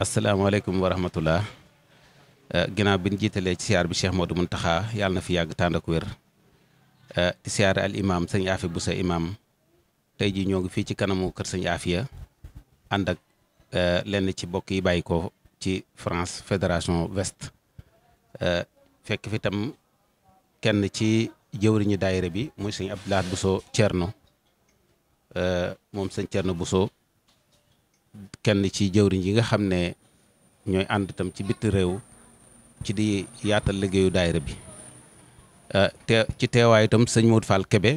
asalaamaaleykum wa rahmatullah eh, ginnaaw bi ñu jiitalee ci siyaar bi Cheikh mun Mountakha yàlla na fi yàgg tànd ak wér ci eh, siyaar al imaam sëñ Afi bu sa imaam tey jii ñoo ngi fii ci kanamu kër sëñ Afia ànd ak eh, lenn ci bokk yi bàyyi ko ci France fédération Ouest fekk fi tam kenn ci jëwriñu daayira bi muy sëñ soo Bousso Thierno moom sëñ bu Bousso kenn ci jëwriñ yi nga xam ne ñooy ànd itam ci bitti réew ci di yaatal liggéeyu daayira bi euh, te ci teewaay itam sëñ Modou Fall Kébé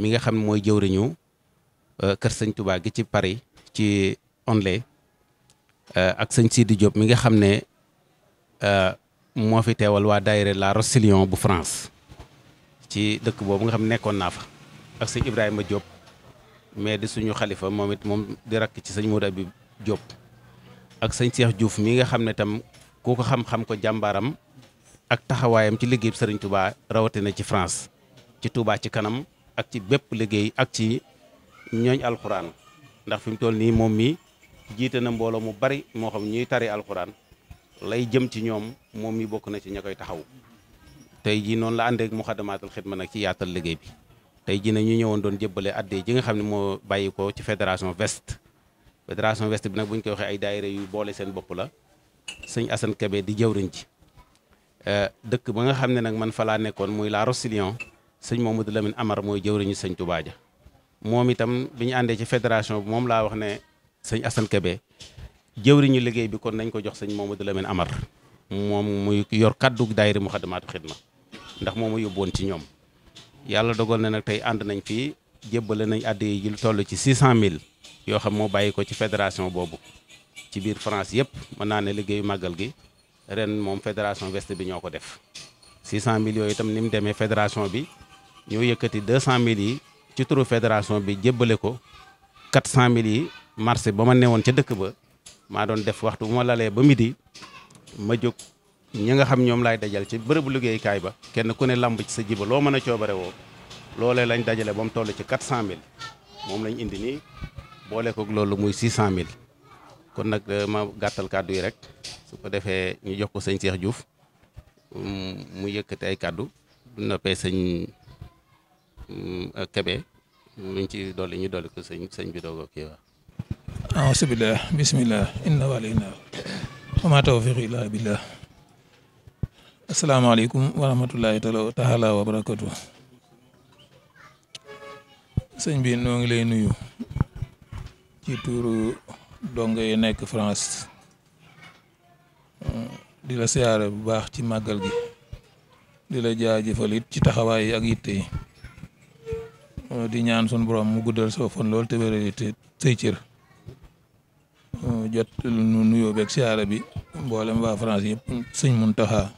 mi nga xam mooy jëwriñu euh, kër sëñ Touba gi ci Paris ci Only euh, ak sëñ Sidi Diop mi nga xam ne moo fi teewal waa daayira La Roussillon bu France ci dëkk boobu nga xam nekkoon naa fa ak sëñ Ibrahima Diop. mais di suñu xalifa moom it moom di rakk ci sëñ Modou bi Diop ak sañ Cheikh Diouf mi nga xam ne tam ku ko xam-xam ko jàmbaaram ak taxawaayam ci liggéey sëriñ Touba rawatina ci France ci Touba ci kanam ak ci bépp liggéey ak ci ñooñ alxuraan ndax fi mu toll nii moom mii jiite na mbooloo mu bari moo xam ñuy tari alxuraan lay jëm ci ñoom moom mi bokk na ci ña koy taxaw tey jii noonu la àndeek Muxaddamaatul Xidma nag ci yaatal liggéey bi tey ji nag ñu ñëwoon doon jébbale adde ji nga xam ne moo bàyyi ko ci fédération West fédération West bi nag bu ñu koy waxee ay daayira yu boole seen bopp la sëñ Assane kebe di jëwriñ ji euh, dëkk ba nga xam ne nag man fa laa nekkoon muy La Roussillon sëñ Mamadou Lamine Amar mooy jëwriñu sëñ Touba ja moom itam bi ñu àndee ci fédération bi moom laa wax ne sëñ Assane Kébé jëwriñu liggéey bi kon nañ ko jox sëñ Mamadou Lamine Amar moom muy yor kaddu daayira Muxaddamaatu Xidma ndax moom mu yóbbuwoon ci ñoom. yàlla dogal na nag tey ànd nañ fii jébbale nañ àddee ji lu toll ci 600000 yoo xam moo bàyyi ko ci fédération boobu ci biir France yëpp mën naa ne liggéeyu màggal gi ren moom fédération Ouest bi ñoo ko def 600000 yooyu tam ni mu demee fédération bi ñoo yëkkati 200000 yi ci turu fédération bi jébbale ko 400000 yi marché ba ma newoon ca dëkk ba maa doon def waxtu bu ma lalee ba midi ma jóg. ñi nga xam ñoom laay dajal ci bërëbu liggéeykaay ba kenn ku ne lamb ci sa jiba loo mën a coobare woo loolee lañ dajale ba mu toll ci 400000 moom lañ indi nii boole ko loolu muy 600000 kon nag euh, ma gàttal kàddu yi rek su ko defee ñu jox ko sañ Cheikh Diouf mu yëkkati ay kàddu bu noppee sëñ euh, Kébé luñ ci dolli ñu dolli ko sëñ sëñ bi doog kii waa. auzu billah bismillah inna waliyyina wa ma tawfiqi illa billah asalaamaaleykum wa rahmatulahi taala wa barakatu sëñ bi noo ngi lay nuyu ci tuuru dongo yi nekk France di la siyaare bu baax ci màggal gi di la jaajëfal it ci taxawaay yi ak yitte yi di ñaan sun borom mu guddal soo fon lool te wéral te say jot nu nuyoo beeg siyaare bi mboolem waa France yëpp sëñ Muntaxa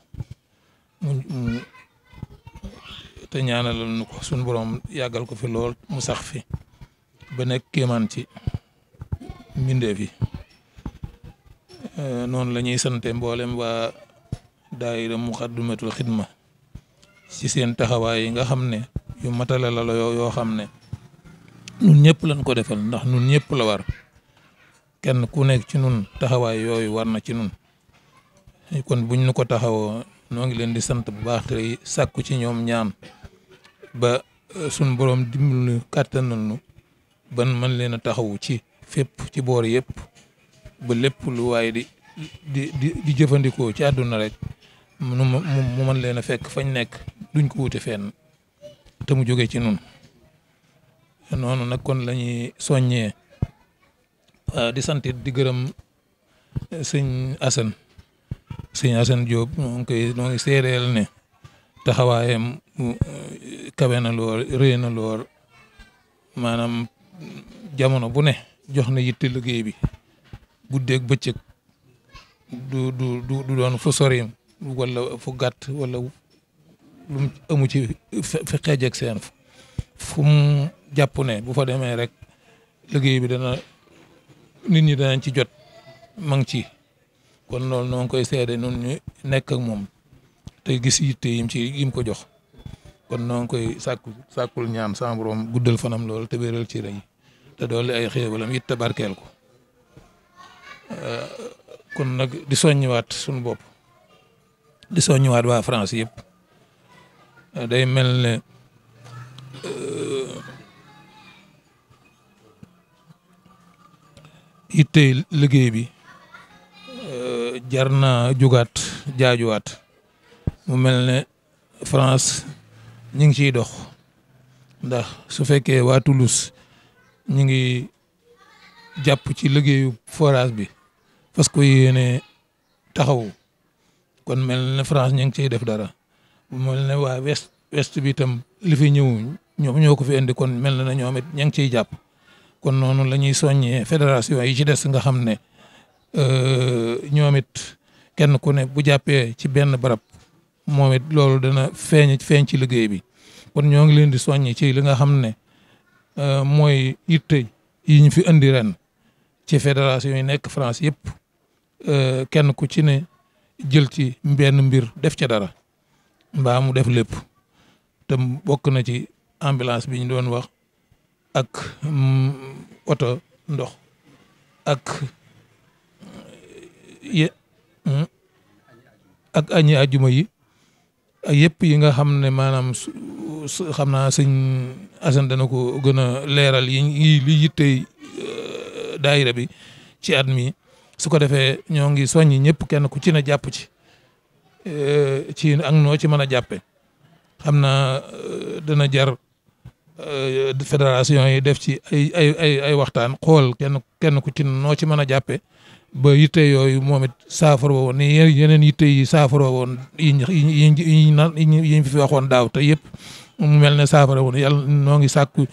te ñaanalal nu ko suñu borom yàggal ko fi lool mu sax fi ba nekk kéemaan ci mbindeef yi eh, noonu la ñuy sante mboolem waa daayira Muxaddamatul Xidma ci seen taxawaay yi nga xam ne yu matale la la yoo xam ne nun ñëpp lañ ko defal ndax nun ñëpp la war kenn ku nekk ci nun taxawaay yooyu war na ci nun kon buñ nu ko taxawoo noo ngi leen di sant bu baax tey sàkku ci ñoom ñaan ba euh, suñ borom dimbal nu kàttanal nu ban mën leen a taxawu ci fépp ci boor yëpp ba lépp lu waaye di di di di jëfandikoo ci àdduna rek mu mu leen a fekk fañ nekk duñ ko wute fenn te mu jóge ci nun noonu nag kon la ñuy soññee euh, di sant di gërëm euh, sëñ Assane sëñ Assane Diop ñoo ngi koy ñoo ngi seereel ne taxawaayam eh, kawe na lool rëy na lool maanaam jamono bu ne jox na yitte liggéey bi guddeeg bëccëg du du du du doon fu sorim wala fu gàtt wala lu mu amu ci fi seen fu mu ne bu fa demee rek liggéey bi dana nit ñi danañ ci jot ma ci kon loolu noo ngi koy seede nun ñu nekk moom te gis yitte yim ci yim ko jox kon noo ngi koy sàkku sàkkul ñaam sa guddal fanam lool te wéral ci rëy te doole ay xéewalam it te barkeel ko euh, kon nag di soññiwaat suñu bopp di soññiwaat waa France yëpp euh, day mel ne euh, yitte liggéey bi. jar na jugaat jaajuwaat mu mel ne France ñi ngi ciy dox ndax su fekkee waa Toulouse ñi ngi jàpp ci liggéeyu forage bi parce que yéene taxawu kon mel ne France ñi ngi ciy def dara mu mel ne waa west west bi itam li fi ñëw ñoom ñoo ko fi indi kon mel na ñoom it ña ngi ciy jàpp kon noonu la ñuy soññee fédération yi des nga xam ne Euh, ñoom it kenn ku ne bu jàppee ci benn barab moom loolu dana feeñ feeñ ci liggéey bi kon ñoo ngi leen di soññi ci li nga xam ne euh, mooy yitte yi ñu fi indi ren ci fédération yi nekk France yëpp euh, kenn ku ci ne jël ci benn mbir def ca dara mbaa mu def lépp te bokk na ci ambulance bi ñu doon wax ak mm, oto ndox ye hmm, ak añi juma yi ak yëpp yi nga xam ne maanaam xam naa sëñ Assane dana ko gën a leeral yi li yittey euh, daayira bi ci at mi su ko defee ñoo ngi soññi ñëpp kenn ku ci na jàpp ci euh, ci ak noo ci mën a jàppe xam naa euh, dana jar fédération yi def ci ay ay ay waxtaan xool kenn kenn ku ci noo ci mën a jàppe ba yitte yooyu moom it saafara woon ni yeneen yitte yi saafara woon yi yi yi yi fi waxoon daaw te yëpp mu mel ne saafara woon yàlla noo ngi sàkku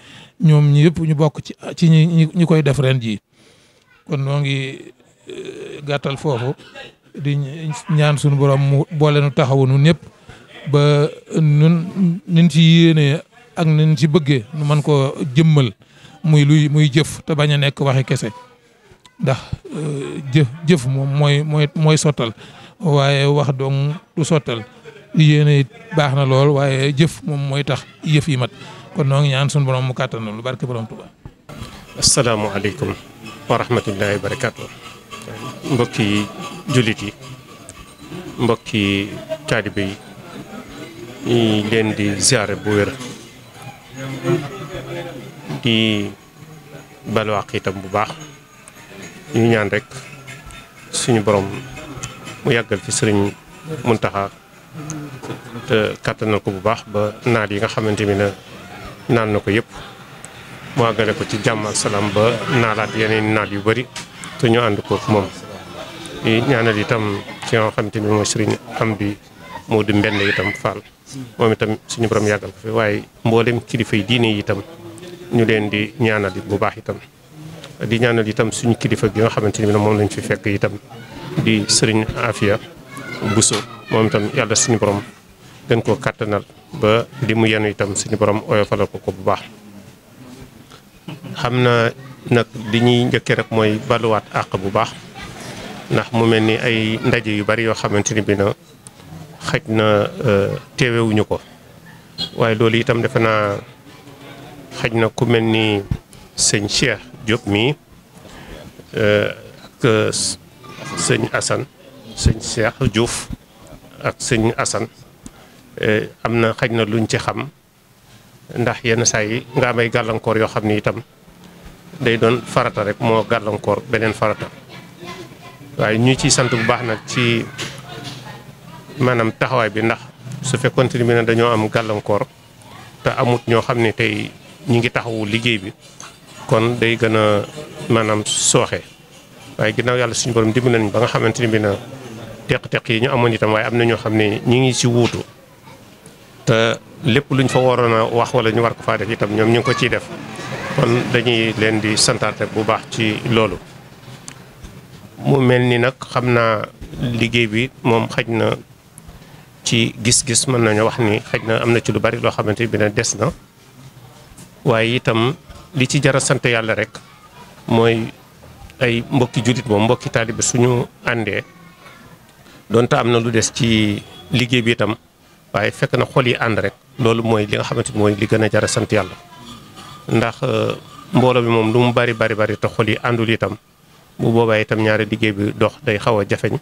ñoom ñi yëpp ñu bokk ci ci ñi ñi koy def ren jii kon noo ngi euh, gàttal foofu di ñaan suñu borom mu boole nu taxawu nun ñëpp ba nun nin ci yéenee ak nin ci bëggee nu mën koo jëmmal muy luy muy jëf te bañ a nekk waxi kese ndax euh, jëf moom mooy mooy mooy sottal waaye wax dong du sottal yéene it baax na lool waaye jëf moom mooy tax yëf yi mat kon noo ngi ñaan sunu borom mu kàttanal lu barke borom Tuubaa. asalaamaaleykum wa rahmatullahi wa barakaatu. mbokki jullit yi mbokki bi yi ñu leen di ziare bu wér di balwaax itam bu baax. ñu ñaan rek suñu borom mu yàggal ci sëriñ Muntaxa te kàttanal ko bu baax ba naal yi nga xamante ni ne naal na ko yëpp mu àggale ko ci jàmm ak salaam ba naalaat yeneen naal yu bari te ñu ànd ko moom i ñaanal itam ci nga xamante ni mooy sëriñ am bi moo di mbenn itam faal moom itam suñu borom yàggal ko fi waaye mboolem kilifa diine yi itam ñu leen di ñaanal bu baax itam di ñaanal itam suñu kilifa gi nga xamante ni moom lañ fi fekk itam di sëriñ Afia Bousso moom itam yàlla suñu borom gën koo kàttanal ba li mu yenu itam suñu borom oyofalal ko ko bu baax. xam na nag li ñuy njëkkee rek mooy baluwaat àq bu baax ndax mu mel ni ay ndaje yu bari yoo xamante ni bi na xaj na euh, teewewuñu ko waaye loolu itam defe naa xaj na ku mel ni sëñ Cheikh. Diop mii ak euh, sëñ Assane sëñ Cheikh juuf ak sëñ Assane euh, am na xaj na luñ ci xam ndax yenn saa yi nga am ay gàllankoor yoo xam ni itam day doon farata rek moo gàllankoor beneen farata waaye ñu ciy sant bu baax nag ci maanaam taxawaay bi ndax su fekkoon ne dañoo am gàllankoor te amut ñoo xam ne tey ñu ngi taxawu liggéey bi. kon day gën a maanaam sooxe waaye ginaaw yàlla suñu borom dimbali nañ ba nga xamante ni bi na teq-teq yi ñu amoon itam waaye am na ñoo xam ne ñi ngi ci wuutu te lépp luñ fa waroon a wax ñu war ko faa def itam ñoom ñu ngi ko ciy def kon dañuy leen di santaat bu baax ci loolu. mu mel ni nag xam naa liggéey bi moom xaj na ci gis-gis mën nañu wax ni xaj na am na ci lu bari loo xamante bi na des na waaye itam. li ci jara sant yàlla rek mooy ay mbokki jullit moom mbokki taalibe suñu àndee donte am na lu des ci liggéey bi itam waaye fekk na xol yi ànd rek loolu mooy li nga xamante ni mooy li gën a jara sant yàlla ndax euh, mbooloo bi moom lu mu bari bari bari te xol yi àndul itam bu boobaa itam ñaari liggéey bi dox day xaw a jafeñ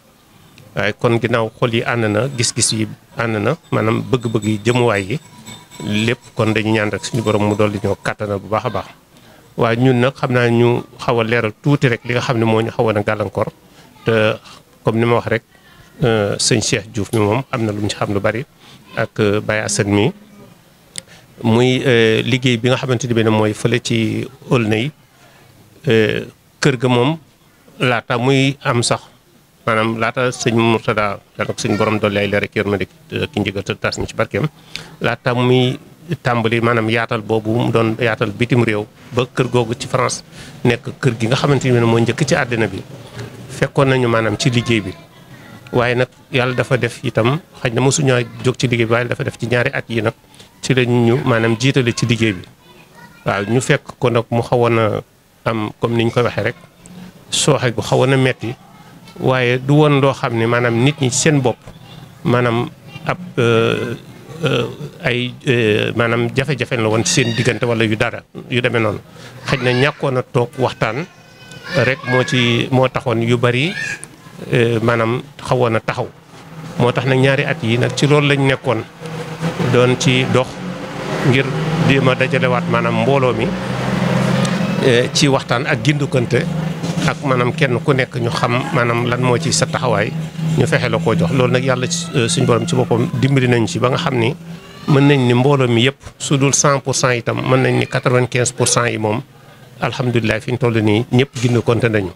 waaye kon ginnaaw xol yi ànd na gis-gis yi ànd na maanaam bëgg-bëgg yi jëmuwaay yi lépp kon dañuy ñaan rek suñu borom mu dolli ñoo kàttana bu baax a waaye ñun nag xam naa ñu xaw a leeral tuuti rek li nga xam ne moo ñu xawoon a gàllankoor te comme ni ma wax rek euh, sëñ Cheikh Diouf mi moom am na lu mu ci xam lu bari ak euh, Baye Assane mi muy euh, liggéey bi nga xamante ni benn mooy fële ci Aulnay kër ga moom laata muy am sax maanaam laata sëñ Mourtada daanaka suñ borom dolli ay leer ak yërmande ki njëgal te taas ñu ci barkeem laata muy. tàmbali maanaam yaatal boobu mu doon yaatal bitim réew ba kër googu ci France nekk kër gi nga xamante ne moo njëkk ci àddina bi fekkoon nañu maanaam ci liggéey bi waaye nag yàlla dafa def itam xaj na mosuñoo jóg ci liggéey bi dafa def ci ñaari at yi nag ci lañ ñu maanaam jiitale ci liggéey bi waaw ñu fekk ko nag mu xawoon a am comme niñ koy waxee rek sooxe gu xawoon na metti waaye du woon loo xam ne maanaam nit ñi seen bopp maanaam ab euh, Euh, ay euh, maanaam jafe-jafe la woon ci seen diggante wala yu dara yu demee noonu xëy na ñàkkoon a toog waxtaan rek moo ci moo taxoon yu bari euh, maanaam xawoon a taxaw moo tax na ñaari at yi nag ci loolu lañ nekkoon doon ci dox ngir jéem a dajalewaat maanaam mbooloo mi ci waxtaan ak gindukante ak maanaam kenn ku nekk ñu xam maanaam lan moo ci sa taxawaay ñu fexe la koo jox loolu nag yàlla euh, suñu borom ci boppam dimbali nañu ci ba nga xam ni mën nañ ni mbooloo mi yëpp su dul pour cent itam mën nañ ni 95 pour cent yi moom alhamdulilah fi ñu toll nii ñëpp gën a nañu.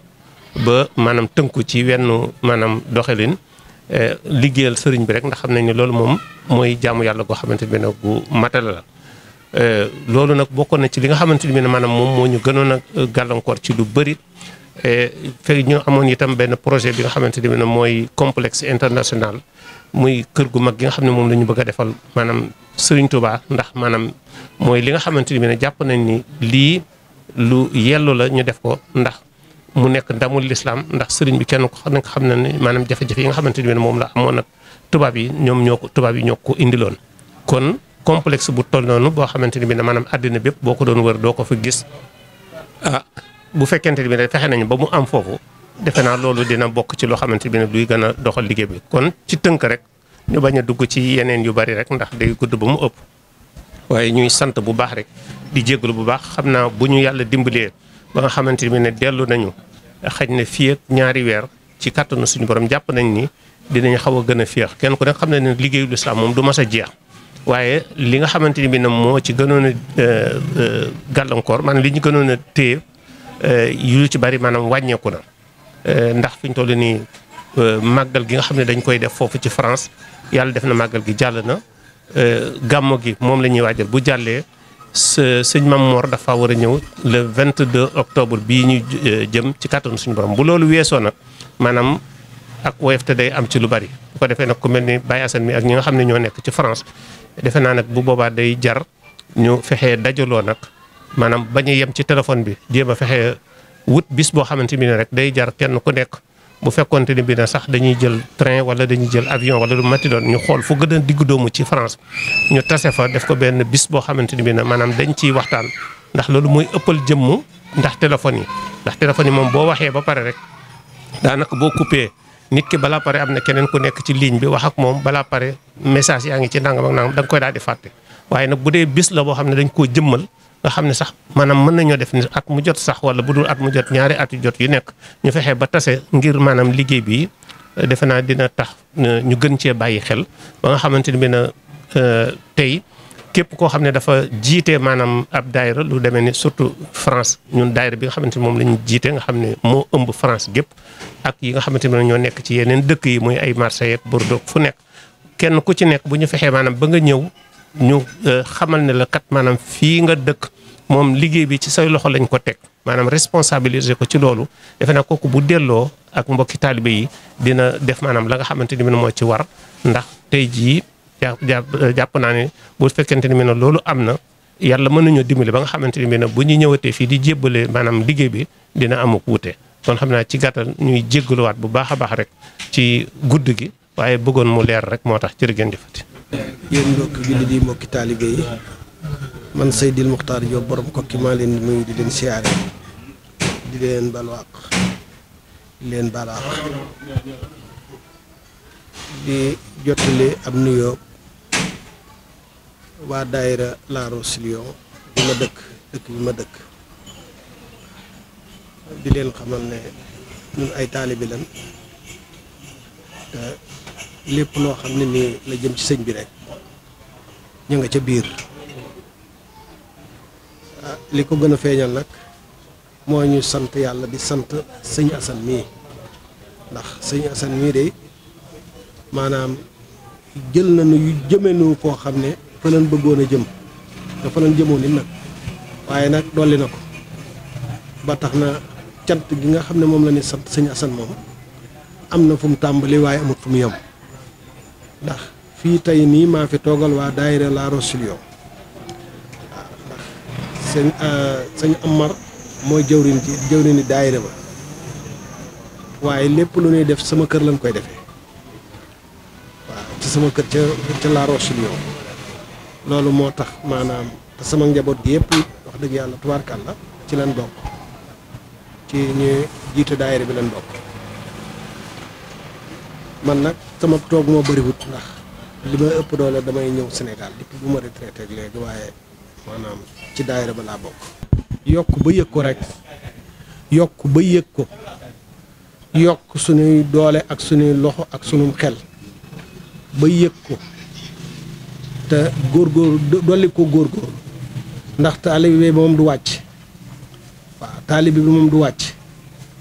ba maanaam tënku ci wenn maanaam doxalin euh, liggéeyal sëriñ bi rek ndax xam nañ ne loolu moom mooy jàmm yàlla goo xamante ne nag bu matal la. Euh, loolu nag bokkoon na ci li nga xamante ne maanaam moom moo ñu gënoon a gàllankoor ci lu bëri Eh, fekk ñu amoon itam benn projet bi nga xamante ne mooy complexe international muy kër gu mag gi nga xam ne moom la ñu bëgg a defal maanaam Serigne Touba ndax maanaam mooy li nga xamante ne jàpp nañ ni lii lu yellu la ñu def ko ndax mu nekk ndamul lislaam ndax sëriñ bi kenn ko xam na ne maanaam jafe-jafe yi nga xamante ne moom la amoon ak tubaab yi ñoom ñoo ko tubaab yi ñoo ko indiloon. kon complexe bu toll noonu boo xamante ne bii maanaam àddina bépp boo ko doon war doo ko fa gis ah, bu fekkente bi ne fexe nañ ba mu am foofu defe naa loolu dina bokk ci loo xamante bi ne duy gën a doxal liggéey bi kon ci tënk rek ñu bañ a dugg ci yeneen yu bari rek ndax day gudd ba mu ëpp waaye ñuy sant bu baax rek di jégalu bu baax xam naa bu ñu yàlla dimbalee ba nga xamante bi ne dellu nañu xaj na fii ñaari weer ci kàttanu suñu borom jàpp nañ ni dinañ xaw a gën a féex kenn ku ne xam na ne liggéeyu lislaam moom du mas a jeex waaye li nga xamante ni bi na moo ci gënoon a euh, euh, gàllankoor maanaam li ñu gënoon a téye Euh, yu ci bari maanaam wàññeeku na euh, ndax fi ñu toll nii euh, màggal gi nga xam ne dañ koy def foofu ci France yàlla def na màggal gi jàll na gàmmo gi moom la ñuy waajal bu jàllee sëñ Mam Mor dafa war a ñëw le 22 octobre bii ñu jëm ci kàttanu suñu borom bu loolu weesoo nag maanaam ak woyefte day am ci lu bari bu ko defee nag ku mel ni Baye Assane mi ak ñi nga xam ne ñoo nekk ci France defe naa nag bu boobaa day jar ñu fexee dajaloo nag. maanaam bañ a yem ci téléphone bi jéem a fexe wut bis boo xamante bi ne rek day jar kenn ku nekk bu fekkonte ne bi ne sax dañuy jël train wala dañuy jël avion wala lu matti doon ñu xool fu gën a diggu doomu ci France ñu tase fa def ko benn bis boo xamante ni bi ne maanaam dañ ciy waxtaan ndax loolu muy ëppal jëmm ndax téléphone yi ndax téléphone yi moom boo waxee ba pare rek daanaka boo kuppee nit ki balaa pare am na keneen ku nekk ci ligne bi wax ak moom balaa pare message yaa ngi ci nangam ak nangam da nga daal di fàtte waaye nag bu dee bis la boo xam ne dañ koo jëmmal nga xam ne sax maanaam mën nañoo def ni at mu jot sax wala bu dul at mu jot ñaari at yu jot yu nekk ñu fexe ba tase ngir maanaam liggéey bi euh, defe naa dina tax euh, ñu gën cee bàyyi xel ba nga xamante ni bi na euh, tey képp koo xam ne dafa jiite maanaam ab daayira lu demee ni surtout France ñun daayira bi nga xamante ni moom la ñu jiite nga xam ne moo ëmb France gépp ak yi nga xamante ne ñoo nekk ci yeneen dëkk yi muy ay Marseille ak Bordeaux fu nekk kenn ku ci nekk bu ñu fexee maanaam ba nga ñëw ñu euh, xamal ne la kat maanaam fii nga dëkk moom liggéey bi ci say loxo lañ ko teg maanaam responsabiliser ko ci loolu defe naa kooku bu delloo ak mbokki taalibe yi dina def maanaam la nga xamante ni moo ci war ndax tey jii jàpp euh, naa ne bu fekkente ni ne loolu am na yàlla mën nañoo dimbali ba nga xamante ni na bu ñu ñëwatee fii di jébbalee maanaam liggéey bi dina amuk wuute kon xam naa ci gàttal ñuy jéggaluwaat bu baax a baax rek ci gudd gi waaye bëggoon mu leer rek moo tax jërë ngeen jëfati yéen mbokki jullit yi mbokki taalibe yi man Seydil Muxtaar Jóob borom kokki maa leen di di leen siyaare di leen balwaaq di leen balaaq di jottali ab nuyoo waa daayira La Roussillon bi ma dëkk dëkk bi ma dëkk di leen xamal ne ñun ay taalibe lan lépp loo xam ne nii la jëm ci sëñ bi rek ñu nga ca biir ah, li ko gën a feeñal nag moo ñu sant yàlla di sant sëñ Assane mii ndax sëñ Assane mii de maanaam jël na nañu jëme nu koo xam ne fa lañ bëggoon a jëm te fa jëmoo jëmoon it nag waaye nag dolli na ko ba tax na cant gi nga xam ne moom la ni sant sëñ Assane moom am na fu mu tàmbali waaye amut fu mu yem ndax fii tey nii maa fi toogal waa daayira La Rosilio waaw ndax sëñ euh, sëñ Amar mooy jëwriñ ci jëwriñi daayira ba waaye lépp lu ñuy def sama kër lañ koy defe waaw ci sama kër ca ca La Rosilio loolu moo tax maanaam te sama njaboot gi yëpp wax dëgg yàlla la ci leen bokk ci ñu jiite daayira bi leen bokk man nag. sama toog moo bëriwut ndax li may ëpp doole damay ñëw Sénégal depuis bu ma retraité ak léegi waaye maanaam ci daayira ba laa bokk. yokk ba yëg ko rek yokk ba yëg ko yokk suñuy doole ak suñuy loxo ak suñu xel ba yëg ko te góor góorgóor dolli ko góor góorgóor ndax taalibe bi moom du wàcc waaw taalibe bi moom du wàcc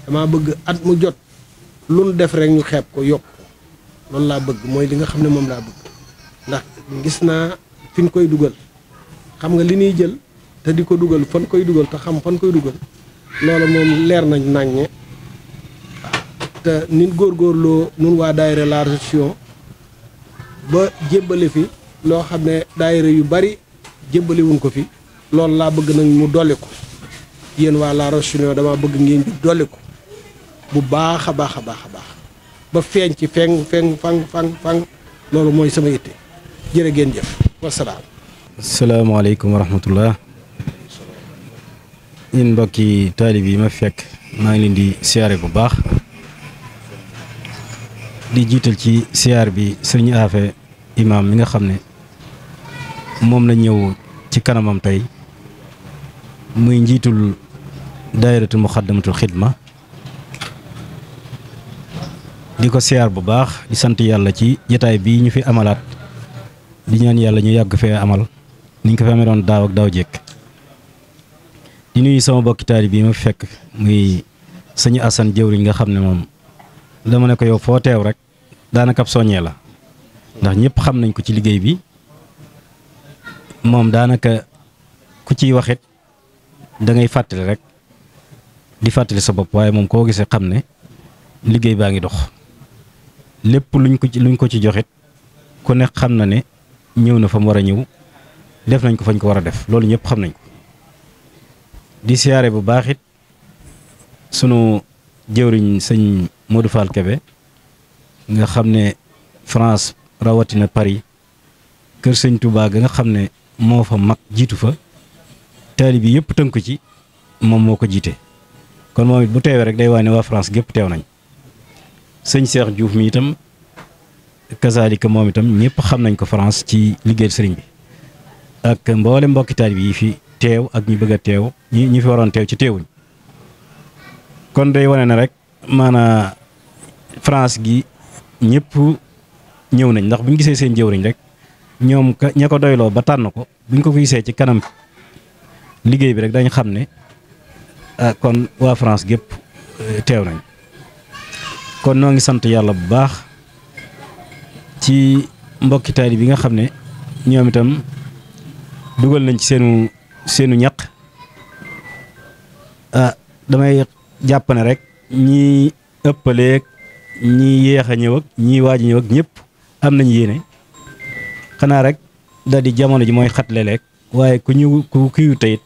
damaa bëgg at mu jot lu nu def rek ñu xeeb ko yokk. loolu laa bëgg mooy li nga xam ne moom laa bëgg ndax gis naa fi koy dugal xam nga li ñuy jël te di ko dugal fan koy dugal te xam fan koy dugal loolu moom leer nañ naññe te nit góorgóorloo nun waa daayira la gestion ba jébbale fi loo xam ne dayre yu bari jébbale ko fi loolu laa bëgg nag mu dolli ko yéen waa la gestion dama bëgg ngeen di dolli ko bu baax a baax a baax a baax ba feeñ ci feng feng fang fang fang loolu mooy sama yitte jërë ngeen jëf wasalaam. asalaamaaleykum wa rahmatullah ñun mbokki taalib yi ma fekk maa ngi leen di siyaare bu baax di jiital ci siyaar bi sëriñ Afe imaam mi nga xam ne moom la ñëw ci kanamam tey muy njiitul daayiratul muxaddamatul xidma di ko siyaar bu baax di sant yàlla ci jataay bii ñu fi amalaat di ñaan yàlla ñu yàgg fee amal niñ ko fi amee doon daaw ak daaw jekk di nuyu sama bokki taalibe bi ma fekk muy sëñu Assane jëwriñ nga xam ne moom dama ne ko yow foo teew rek daanaka ab soññee la ndax ñëpp xam nañ ko ci liggéey bi moom daanaka ku ciy waxit dangay fàttali rek di fàttali sa bopp waaye moom koo gisee xam ne liggéey baa ngi dox lépp luñ ko ci luñ ko ci joxit ku ne xam na ne ñëw na fa mu war a ñëw def nañ ko fañ ko war a def loolu ñëpp xam nañ ko di siyaare bu baax it sunu jëwriñ sëñ Modou Fall Kébé nga xam ne France rawatina Paris kër sëñ Touba ga nga xam ne moo fa mag jiitu fa taalibe yi yëpp tënku ci moom moo ko jiite kon moom it bu teewee rek day waa ne waa France gépp teew nañ sëñ Cheikh Diouf mi itam kazaalika moom itam ñëpp xam nañ ko France ci liggéey sëriñ bi ak mboole mbokki bi yi fi teew ak ñi bëgg a teew ñi ñi fi waroon teew ci teewuñ kon day wane na rek maanaa France gi ñëpp ñëw nañ ndax buñ gisee seen jëwriñ rek ñoom ña ko doyloo ba tànn ko buñ ko ko gisee ci kanam liggéey bi rek dañ xam ne ah, kon waa France gépp eh, teew nañ kon ñoo ngi sant yàlla bu baax ci mbokki taalibe bi nga xam ne ñoom itam dugal nañ ci seenu seenu ñaq ah damay jàpp ne rek ñi ëppaleeg ñii yéex a ñëw ak ñi waaj ñëpp am nañ yéene xanaa rek daal di jamono ji mooy xat léeg waaye ku ñu ku kiiw tayit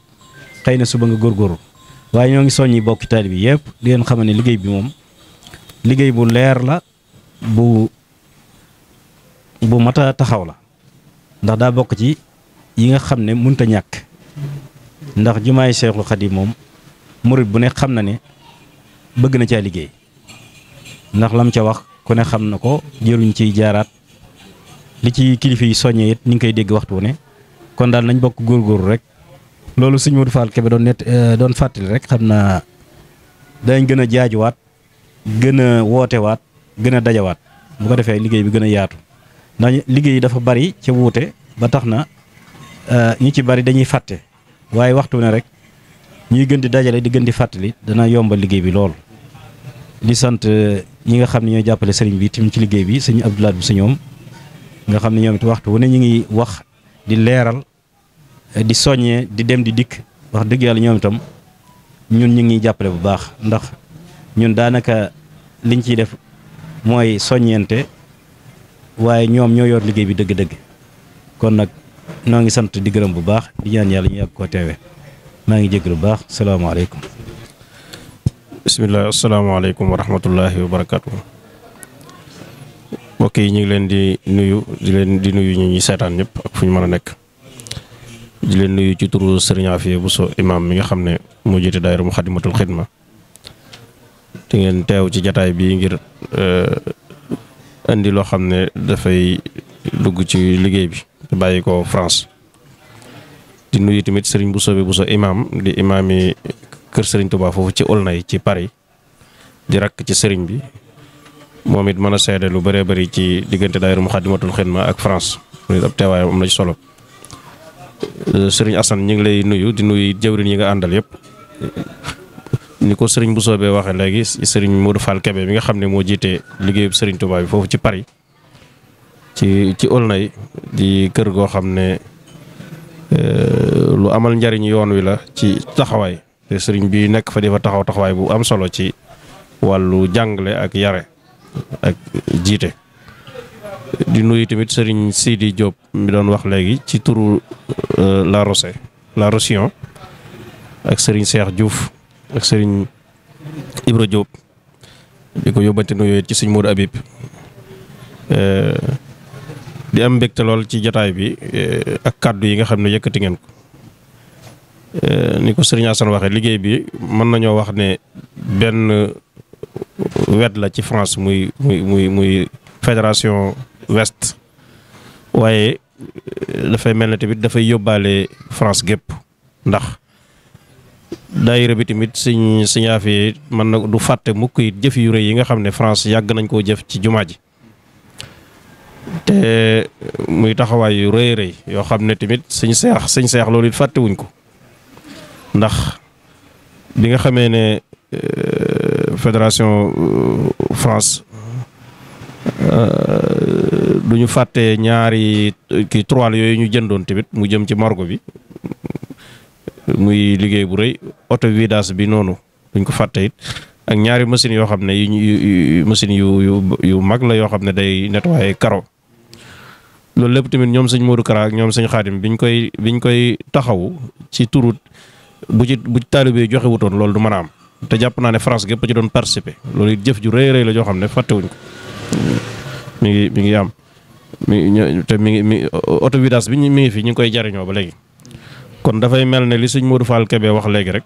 xay na suba nga góorgóorlu waaye ñoo ngi soññi bokki taalibe bi yëpp di leen xam ne liggéey bi moom liggéey bu leer la bu bu mat taxaw la ndax daa bokk ci yi nga xam ne mënta ñàkk ndax jumaay Seexul Xadiim moom murit bu ne xam na ne bëgg na caa liggéey ndax lam ca wax ku ne xam na ko jëruñ ciy jaaraat li ci kilifa yi soññee it ñu ngi koy dégg waxtu ne kon daal nañ bokk góor góor rek loolu suñ Modou Fall Kébé doon nett euh, doon fàttali rek xam naa dañ gën jaajuwaat gën a wootewaat gën a dajawaat bu ko defee liggéey bi gën a yaatu ndax liggéey dafa bari ca wuute ba tax na euh, ñu ci bari dañuy fàtte waaye waxtu ne rek ñuy gën di dajale di gën di fàttali dana yomba liggéey bi loolu di sant euh, ñi nga xam ne ñooy jàppale sëriñ bi tim ci liggéey bi sëñ Abdoulaye bi si ñoom nga xam ne ñoom it waxtu wu ne ñu ngi wax di leeral euh, di soññee di dem di dikk wax dëgg yàlla ñoom itam ñun ñu ngiy jàppale bu baax ndax. ñun daanaka liñ ciy def mooy soññeente waaye ñoom ñoo yor liggéey bi dëgg-dëgg kon nag noo ngi sant di gërëm bu baax di ñaan yàlla ñu yàgg koo teewee maa ngi jégalu lu baax salaamaaleykum. bisimilah asalaamaaleykum wa rahmatullahi wa barakaatu. mbokk yi ñu ngi leen di nuyu di leen di nuyu ñu ñu seetaan ñëpp ak fu ñu mën a nekk. di leen nuyu ci turu Serigne bu Bousso imam mi nga xam ne moo jiite daayira Muxaddamatul Xidma ci ngeen teew ci jataay bii ngir euh, indi loo xam ne dafay dugg ci liggéey bi te bàyyi ko France di nuyu tamit sëriñ Bousso bi Bousso imam di imaam yi kër sëriñ Touba foofu ci Aulnay ci Paris di rakk ci sëriñ bi moom it mën a seede lu bare bëri ci diggante daayira Muxaddamatul Xidma ak France loolu ab teewaayam am na ci solo euh, sëriñ Assane ñu ngi lay nuyu di nuyu jëwriñ yi nga àndal yëpp. ni ko sëriñ bu soobee waxee léegi sëriñ Modou Fall Kébé mi nga xam ne moo jiite liggéeyub sëriñ Touba bi foofu ci Paris ci ci Aulnay di kër goo xam ne euh, lu amal njariñ yoon wi la ci taxawaay te sëriñ bi nekk fa dafa taxaw taxawaay bu am solo ci wàllu jàngale ak yare ak jiite. di nuyu tamit sëriñ Sidi Diop mi doon wax léegi ci turu euh, La Rosse La Roussillon ak sëriñ Cheikh Diouf. ak sëriñ Ibra Diop di ko yóbbante nuyoo ci sëñ Modou Habib eh, di am mbégte lool ci jataay bi eh, ak kàddu yi nga xam ne yëkkati ngeen ko eh, ni ko sëriñ Assane waxee liggéey bi mën nañoo wax ne benn wet la ci France muy muy muy muy fédération ouest waaye dafay mel ne tamit dafay yóbbaale France gépp ndax daayira bi tamit suñ suñu affaire man na du fàtte mukk it jëf yu rëy yi nga xam ne France yàgg nañ koo jëf ci jumaa ji te muy taxawaay yu rëy rëy yoo xam ne tamit suñ seex suñ seex loolu it fàttewuñ ko ndax bi nga xamee ne euh, fédération euh, France euh, du ñu fàtte ñaari kii trois yooyu ñu jëndoon tamit mu jëm ci margo bi muy liggéey bu rëy auto vidange bi noonu duñ ko fàtte it ak ñaari machines yoo xam ne yu yu yu mag la yoo xam ne day nettoyer karo loolu lépp tamit ñoom sëñ Modou Kara ak ñoom sëñ Xaadim biñ koy biñ koy taxawu ci turut bu ci bu ci taalibee joxe wutoon loolu du mën a am te jàpp naa ne France gépp ci doon participer loolu it jëf ju rëy rëy la joo xam ne fàttewuñ ko mu ngi mi ngi am mi te mi ngi mi autovidage bi mi ngi fi ñu ngi koy jariñoo ba léegi kon dafay mel ne li sëñ Modou Fall Kébé wax léegi rek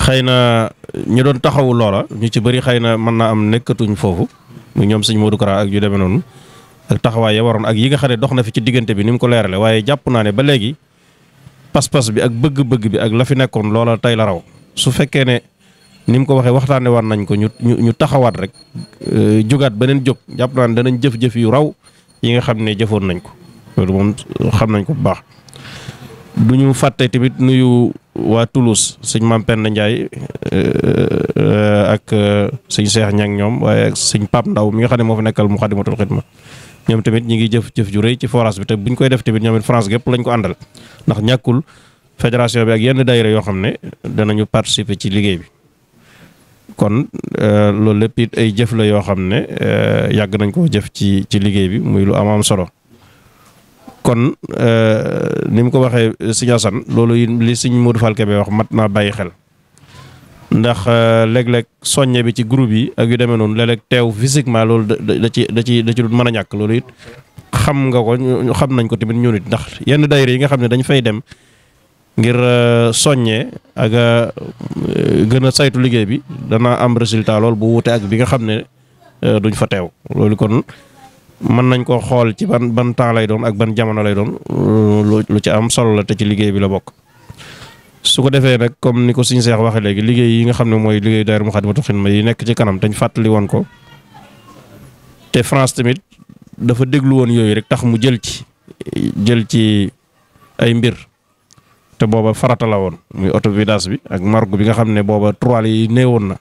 xëy na ñu doon taxawu loola ñu ci bari xëy na mën naa am nekkatuñ foofu mu ñoom sëñ Modou Kara ak yu demee noonu ak taxawaay ya waroon ak yi nga xam ne dox na fi ci diggante bi ni mu ko leerale waaye jàpp naa ne ba léegi pas-pas bi ak bëgg-bëgg bi ak la fi nekkoon loola tey la raw su fekkee ne ni mu ko waxee waxtaane war nañ ko ñu ñu taxawaat rek euh, jugaat beneen jóg jàpp naa danañ jëf yu raw yi nga xam ne jëfoon nañ ko loolu moom xam nañ ko bu baax du ñu fàtte tamit nuyu waa Toulouse sëñ Mame Penda Ndiaye euh, ak euh, sëñ Cheikh Niang ñoom waaye ak sëñ Pape Ndaw mi nga xam ne moo fa nekkal Moukhaddamatoul Khidma ñoom tamit ñi ngi jëf jëf ju rëy ci forage bi te bu koy def tamit ñoom it France gépp lañ ko àndal ndax ñàkkul fédération bi ak yenn daayira yoo xam ne danañu participer ci liggéey bi kon euh, loolu lépp it ay jëf la yoo xam ne yàgg nañ koo jëf ci ci liggéey bi muy lu am am solo kon euh, ni mu ko waxee euh, sëñ Assane loolu li sëñ Modou Fall Kébé wax mat naa bàyyi xel ndax euh, léeg-léeg soññe bi ci groupe yi ak yu demee noonu léeg teew physiquement loolu da ci da ci da ci mën a ñàkk loolu it xam nga ko ñu xam nañ ko tamit ñun it ndax yenn daayira yi nga xam ne dañ fay dem ngir soññee ak gën a saytu liggéey bi danaa am résultat lool bu wute ak bi nga xam ne duñ fa teew loolu kon mën nañ koo xool ci ban ban temps lay doon ak ban jamono lay doon euh, lu ci am solo la te ci liggéey bi la bokk. su ko defee nag comme ni ko suñu seex waxee léegi liggéey yi nga xam ne mooy liggéey daayira Moukhaddamatoul Khidma yi nekk ci kanam te ñu fàttali woon ko te France tamit dafa déglu woon yooyu rek tax mu jël ci jël ci ay mbir te booba farata la woon muy autovidage bi ak margo bi nga xam ne booba trois yi néewoon na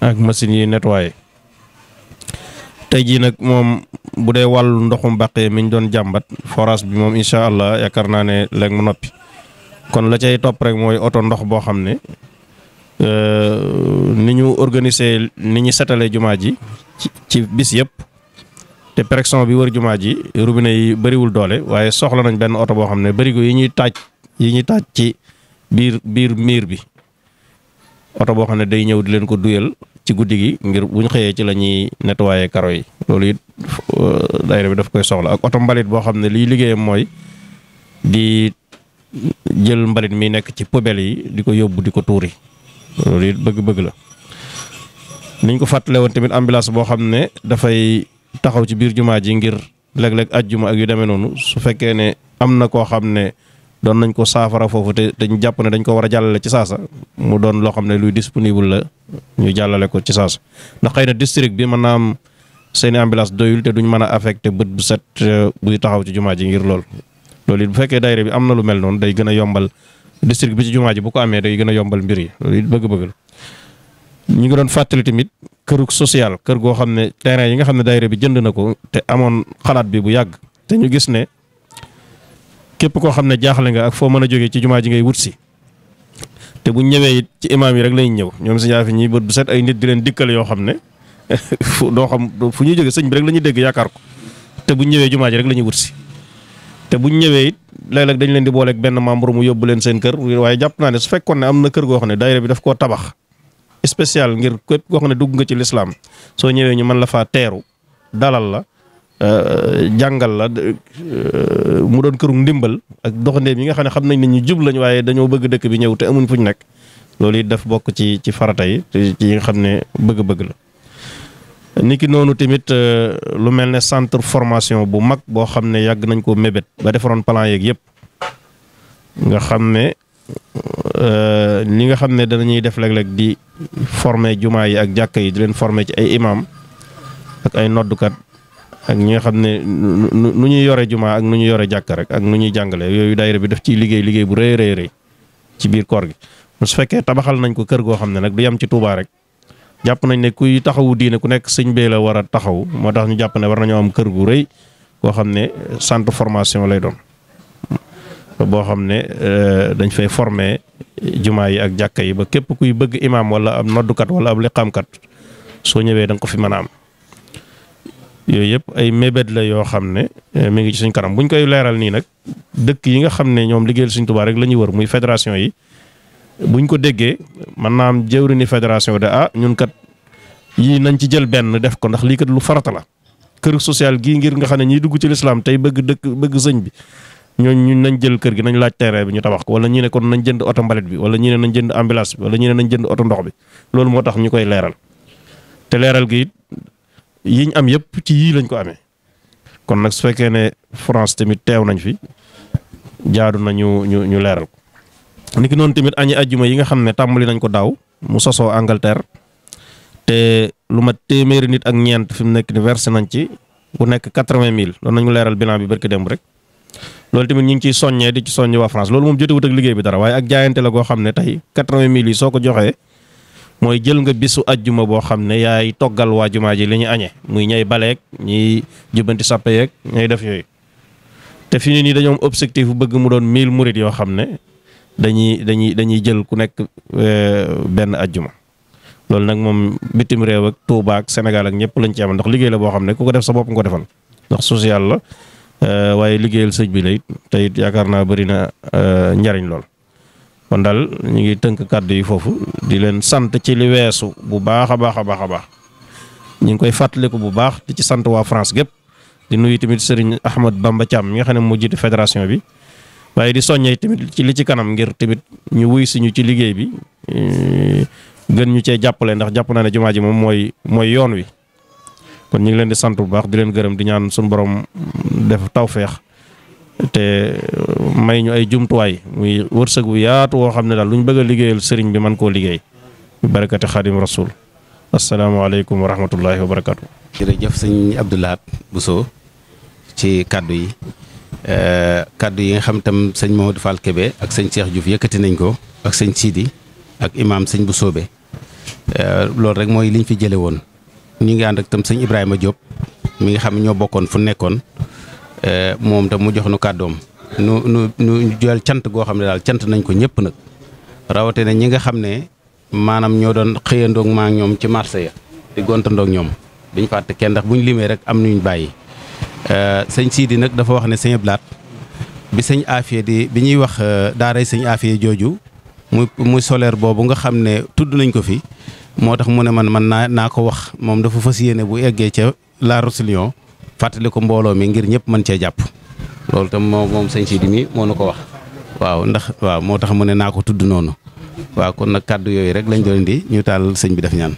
ak machines yi nettoyé. tey jii nag moom bu dee wàllu ndoxum Bàqee mi ñu doon jàmbat forage bi moom incha allah yaakaar naa ne léegi ma noppi kon la cay topp rek mooy oto ndox boo xam ne euh, ni ñu organiser ni ñu setalee jumaa ji ci bis yëpp te pression bi wër jumaa ji robinet yi bariwul doole waaye soxla nañ benn oto boo xam ne barigo yi ñuy taaj yi ñuy taaj ci biir biir miir bi oto boo xam ne day ñëw di leen ko duyal ci guddi gi ngir buñ xëyee ci lañuy ñuy nettoyer karo yi loolu it euh, daayira bi daf koy soxla ak oto mbalit boo xam ne liy liggéeyam mooy di jël mbalit mi nekk ci poubelle yi di ko yóbbu di ko tuuri loolu it bëgg-bëgg la niñ ko fàttale woon tamit ambulance boo xam ne dafay taxaw ci biir jumaa ji ngir léeg-léeg ajjuma ak yu deme noonu su fekkee ne am na koo xam ne doon nañ ko saafara foofu te dañ jàpp ne dañ ko war a jàllale ci saasa mu doon loo xam ne luy disponible la ñu jàllale ko ci saasa ndax xëy na district bi mën naa am seeni ambulance doyul te duñ mën a affecté bët bu set euh, buy taxaw ci jumaa ji ngir lool loolu it bu fekkee daayira bi am na lu mel noonu day gën a yombal district bi ci jumaa ji bu ko amee day gën a yombal mbir yi loolu it bëgg-bëgg la ñu ngi doon fàttali tamit këruk social kër goo xam ne terrain yi nga xam ne daayira bi jënd na ko te amoon xalaat bi bu yàgg te ñu gis ne képp koo xam ne jaaxle nga ak foo mën a jógee ci jumaa ji ngay wut si te bu ñëwee it ci imaam yi rek lay ñëw ñoom si ñaafi ñi bët bu set ay nit di leen dikkal yoo xam ne doo xam fu ñuy jógee sëñ bi rek la ñuy dégg yaakaar ko te bu ñëwee jumaa ji rek la ñuy si te bu ñëwee it dañ leen di booleeg benn membre mu yóbbu leen seen kër waaye jàpp naa ne su fekkoon ne am na kër goo xam ne daayira bi daf koo tabax spécial ngir képp koo xam ne dugg nga ci lislaam soo ñëwee ñu man la faa teeru dalal la Euh, jàngal la euh, mu doon këru ndimbal ak doxandeem yi nga xam ne xam nañ ne ñu jub lañ waaye dañoo bëgg dëkk bi ñëw te amuñ fuñ nekk loolu it daf bokk ci ci farata yi ci nga xam ne bëgg-bëgg la. ki noonu tamit euh, lu mel ne centre formation bu mag boo xam ne yàgg nañ koo mébét ba defaroon plan yeeg yëpp nga xam ne li nga xam ne danañuy def léeg-léeg di former jumaa yi ak jàkka yi di leen former ci ay imam ak ay noddukat ak ñi nga xam ne nu ñuy yore jumaa ak nu ñuy yore jàkk rek ak nu ñuy jàngale yooyu daayira bi daf ciy liggéey liggéey bu rëy rëy ci biir koor gi su fekkee tabaxal nañ ko kër goo xam ne nag du yem ci Touba rek jàpp nañ ne kuy taxawu diine ku nekk sëñ bee la war a taxaw moo tax ñu jàpp ne war nañoo am kër gu rëy koo xam ne centre formation lay doon boo xam ne euh, dañ fay former jumaa yi ak jàkka yi ba képp kuy bëgg imaam wala ab noddukat wala ab liqaamkat soo ñëwee da ko fi mën a am yooyu yëpp ay mébét la yoo xam ne eh, mi ngi ci suñ kanam bu ñu koy leeral nii nag dëkk yi nga xam ne ñoom liggéeyal suñ Tuubaa rek la ñuy wër muy fédération yi buñ ko déggee man naa am jëwri ni fédération de ah ñun kat yii nañ ci jël benn def ko ndax lii kat lu farata la kër social gii ngir nga xam ne ñiy dugg ci lislaam tey bëgg dëkk bëgg sëñ bi ñooñu nañ jël kër gi nañ laaj terrain bi ñu tabax ko wala ñi ne kon nañ jënd oto mbalit bi wala ñi ne nañ jënd ambulance bi wala nañ jënd oto ndox bi loolu moo tax ñu koy leeral yiñ am yëpp ci yii lañ ko amee kon nag su fekkee ne France tamit teew nañ fi jaadu na ñu ñu ñu leeral ko niki noonu tamit añi ajjuma yi nga xam ne tàmbali nañ ko daaw mu sosoo Angleterre te lu ma téeméeri nit ak ñeent fi nekk ni versé nañ ci bu nekk quatre-vingt mille loolu nañu leeral bilan bi barki démb rek loolu tamit ñu ciy soññee di ci soññ waa France loolu moom jotewut ak liggéey bi dara waaye ak jaayante la goo xam ne tey quatre-vingt mille soo ko joxee mooy jël nga bisu ajjuma boo xam ne yaay toggal waa jumaa ji li añee muy ñay baleek ñiy jubanti sàppe yeeg ñay def yooyu te fi ne nii dañoom objectif bu bëgg mu doon mille murit yoo xam ne dañuy dañuy dañuy jël ku nekk euh, benn ajjuma loolu nag moom bitim réew ak tuubaak senegal ak ñëpp lañ ci amal ndax liggéey la boo xam ne ku ko def sa bopp nga ko defal ndax sociale la euh, waaye liggéeyal sëñ bi la teyit yaakaar naa bëri na euh, njariñ lool. kon daal ñu ngi tënk kàddu yi foofu di leen sant ci li weesu bu baax a baax a baax a baax ñu ngi koy fàttaliku bu baax di ci sant waa France gépp di nuyu tamit seriñ Ahmad Bamba Thiam mi nga xam ne moo jiite fédération bi waaye di soññee tamit ci li ci kanam ngir tamit ñu wuy suñu ci liggéey bi gën ñu cee jàppale ndax jàpp naa ne jumaa ji moom mooy mooy yoon wi kon ñu ngi leen di sant bu baax di leen gërëm di ñaan suñu borom def tawfeex te may ñu ay jumtuwaay muy wërsëg wu yaatu woo xam ne daal lu ñu bëgg a liggéeyal sëriñ bi man koo liggéey bi barakati xaadim rasul asalaamaaleykum wa rahmatullahi wa barakatu jërëjëf sëñ Abdoulahat Bousso ci kàddu yi kàddu yi nga xam tam sëñ Mamadou Fall Kébé ak sëñ Cheikh Diouf yëkkati nañ ko ak sëñ Sidi ak imaam sëñ Bousso be loolu rek mooy liñ fi jële woon ñu ngi ànd ak tam sëñ Ibrahima Diop mu ngi xam ñoo bokkoon fu nekkoon Eh, moom tam mu jox nu kàddoom nu nu nu cant goo xam ne daal cant nañ ko ñëpp nag rawatina ñi nga xam ne maanaam ñoo doon xëyandoog maa ñoom ci marché ya di gontandoog ñoom duñ fàtte kenn ndax bu ñu limee rek am nu ñu bàyyi. Eh, sëñ Sidi nag dafa wax ne sëñ Blaat bi sëñ Afia di bi ñuy wax eh, daaray sëñ Afia jooju muy muy solaire boobu nga xam ne tudd nañ ko fi moo tax mu ne man man naa naa ko wax moom dafa fas yéene bu eggee ca La Roussillon fàttali ko mbooloo mi ngir ñëpp mën cee jàpp loolu tam moom moom sëñ Sidi mi moo nu ko wax waaw ndax waaw moo tax mu ne naa ko tudd noonu waaw kon nag kàddu yooyu rek lañ doon indi ñu taal sëñ bi def ñaan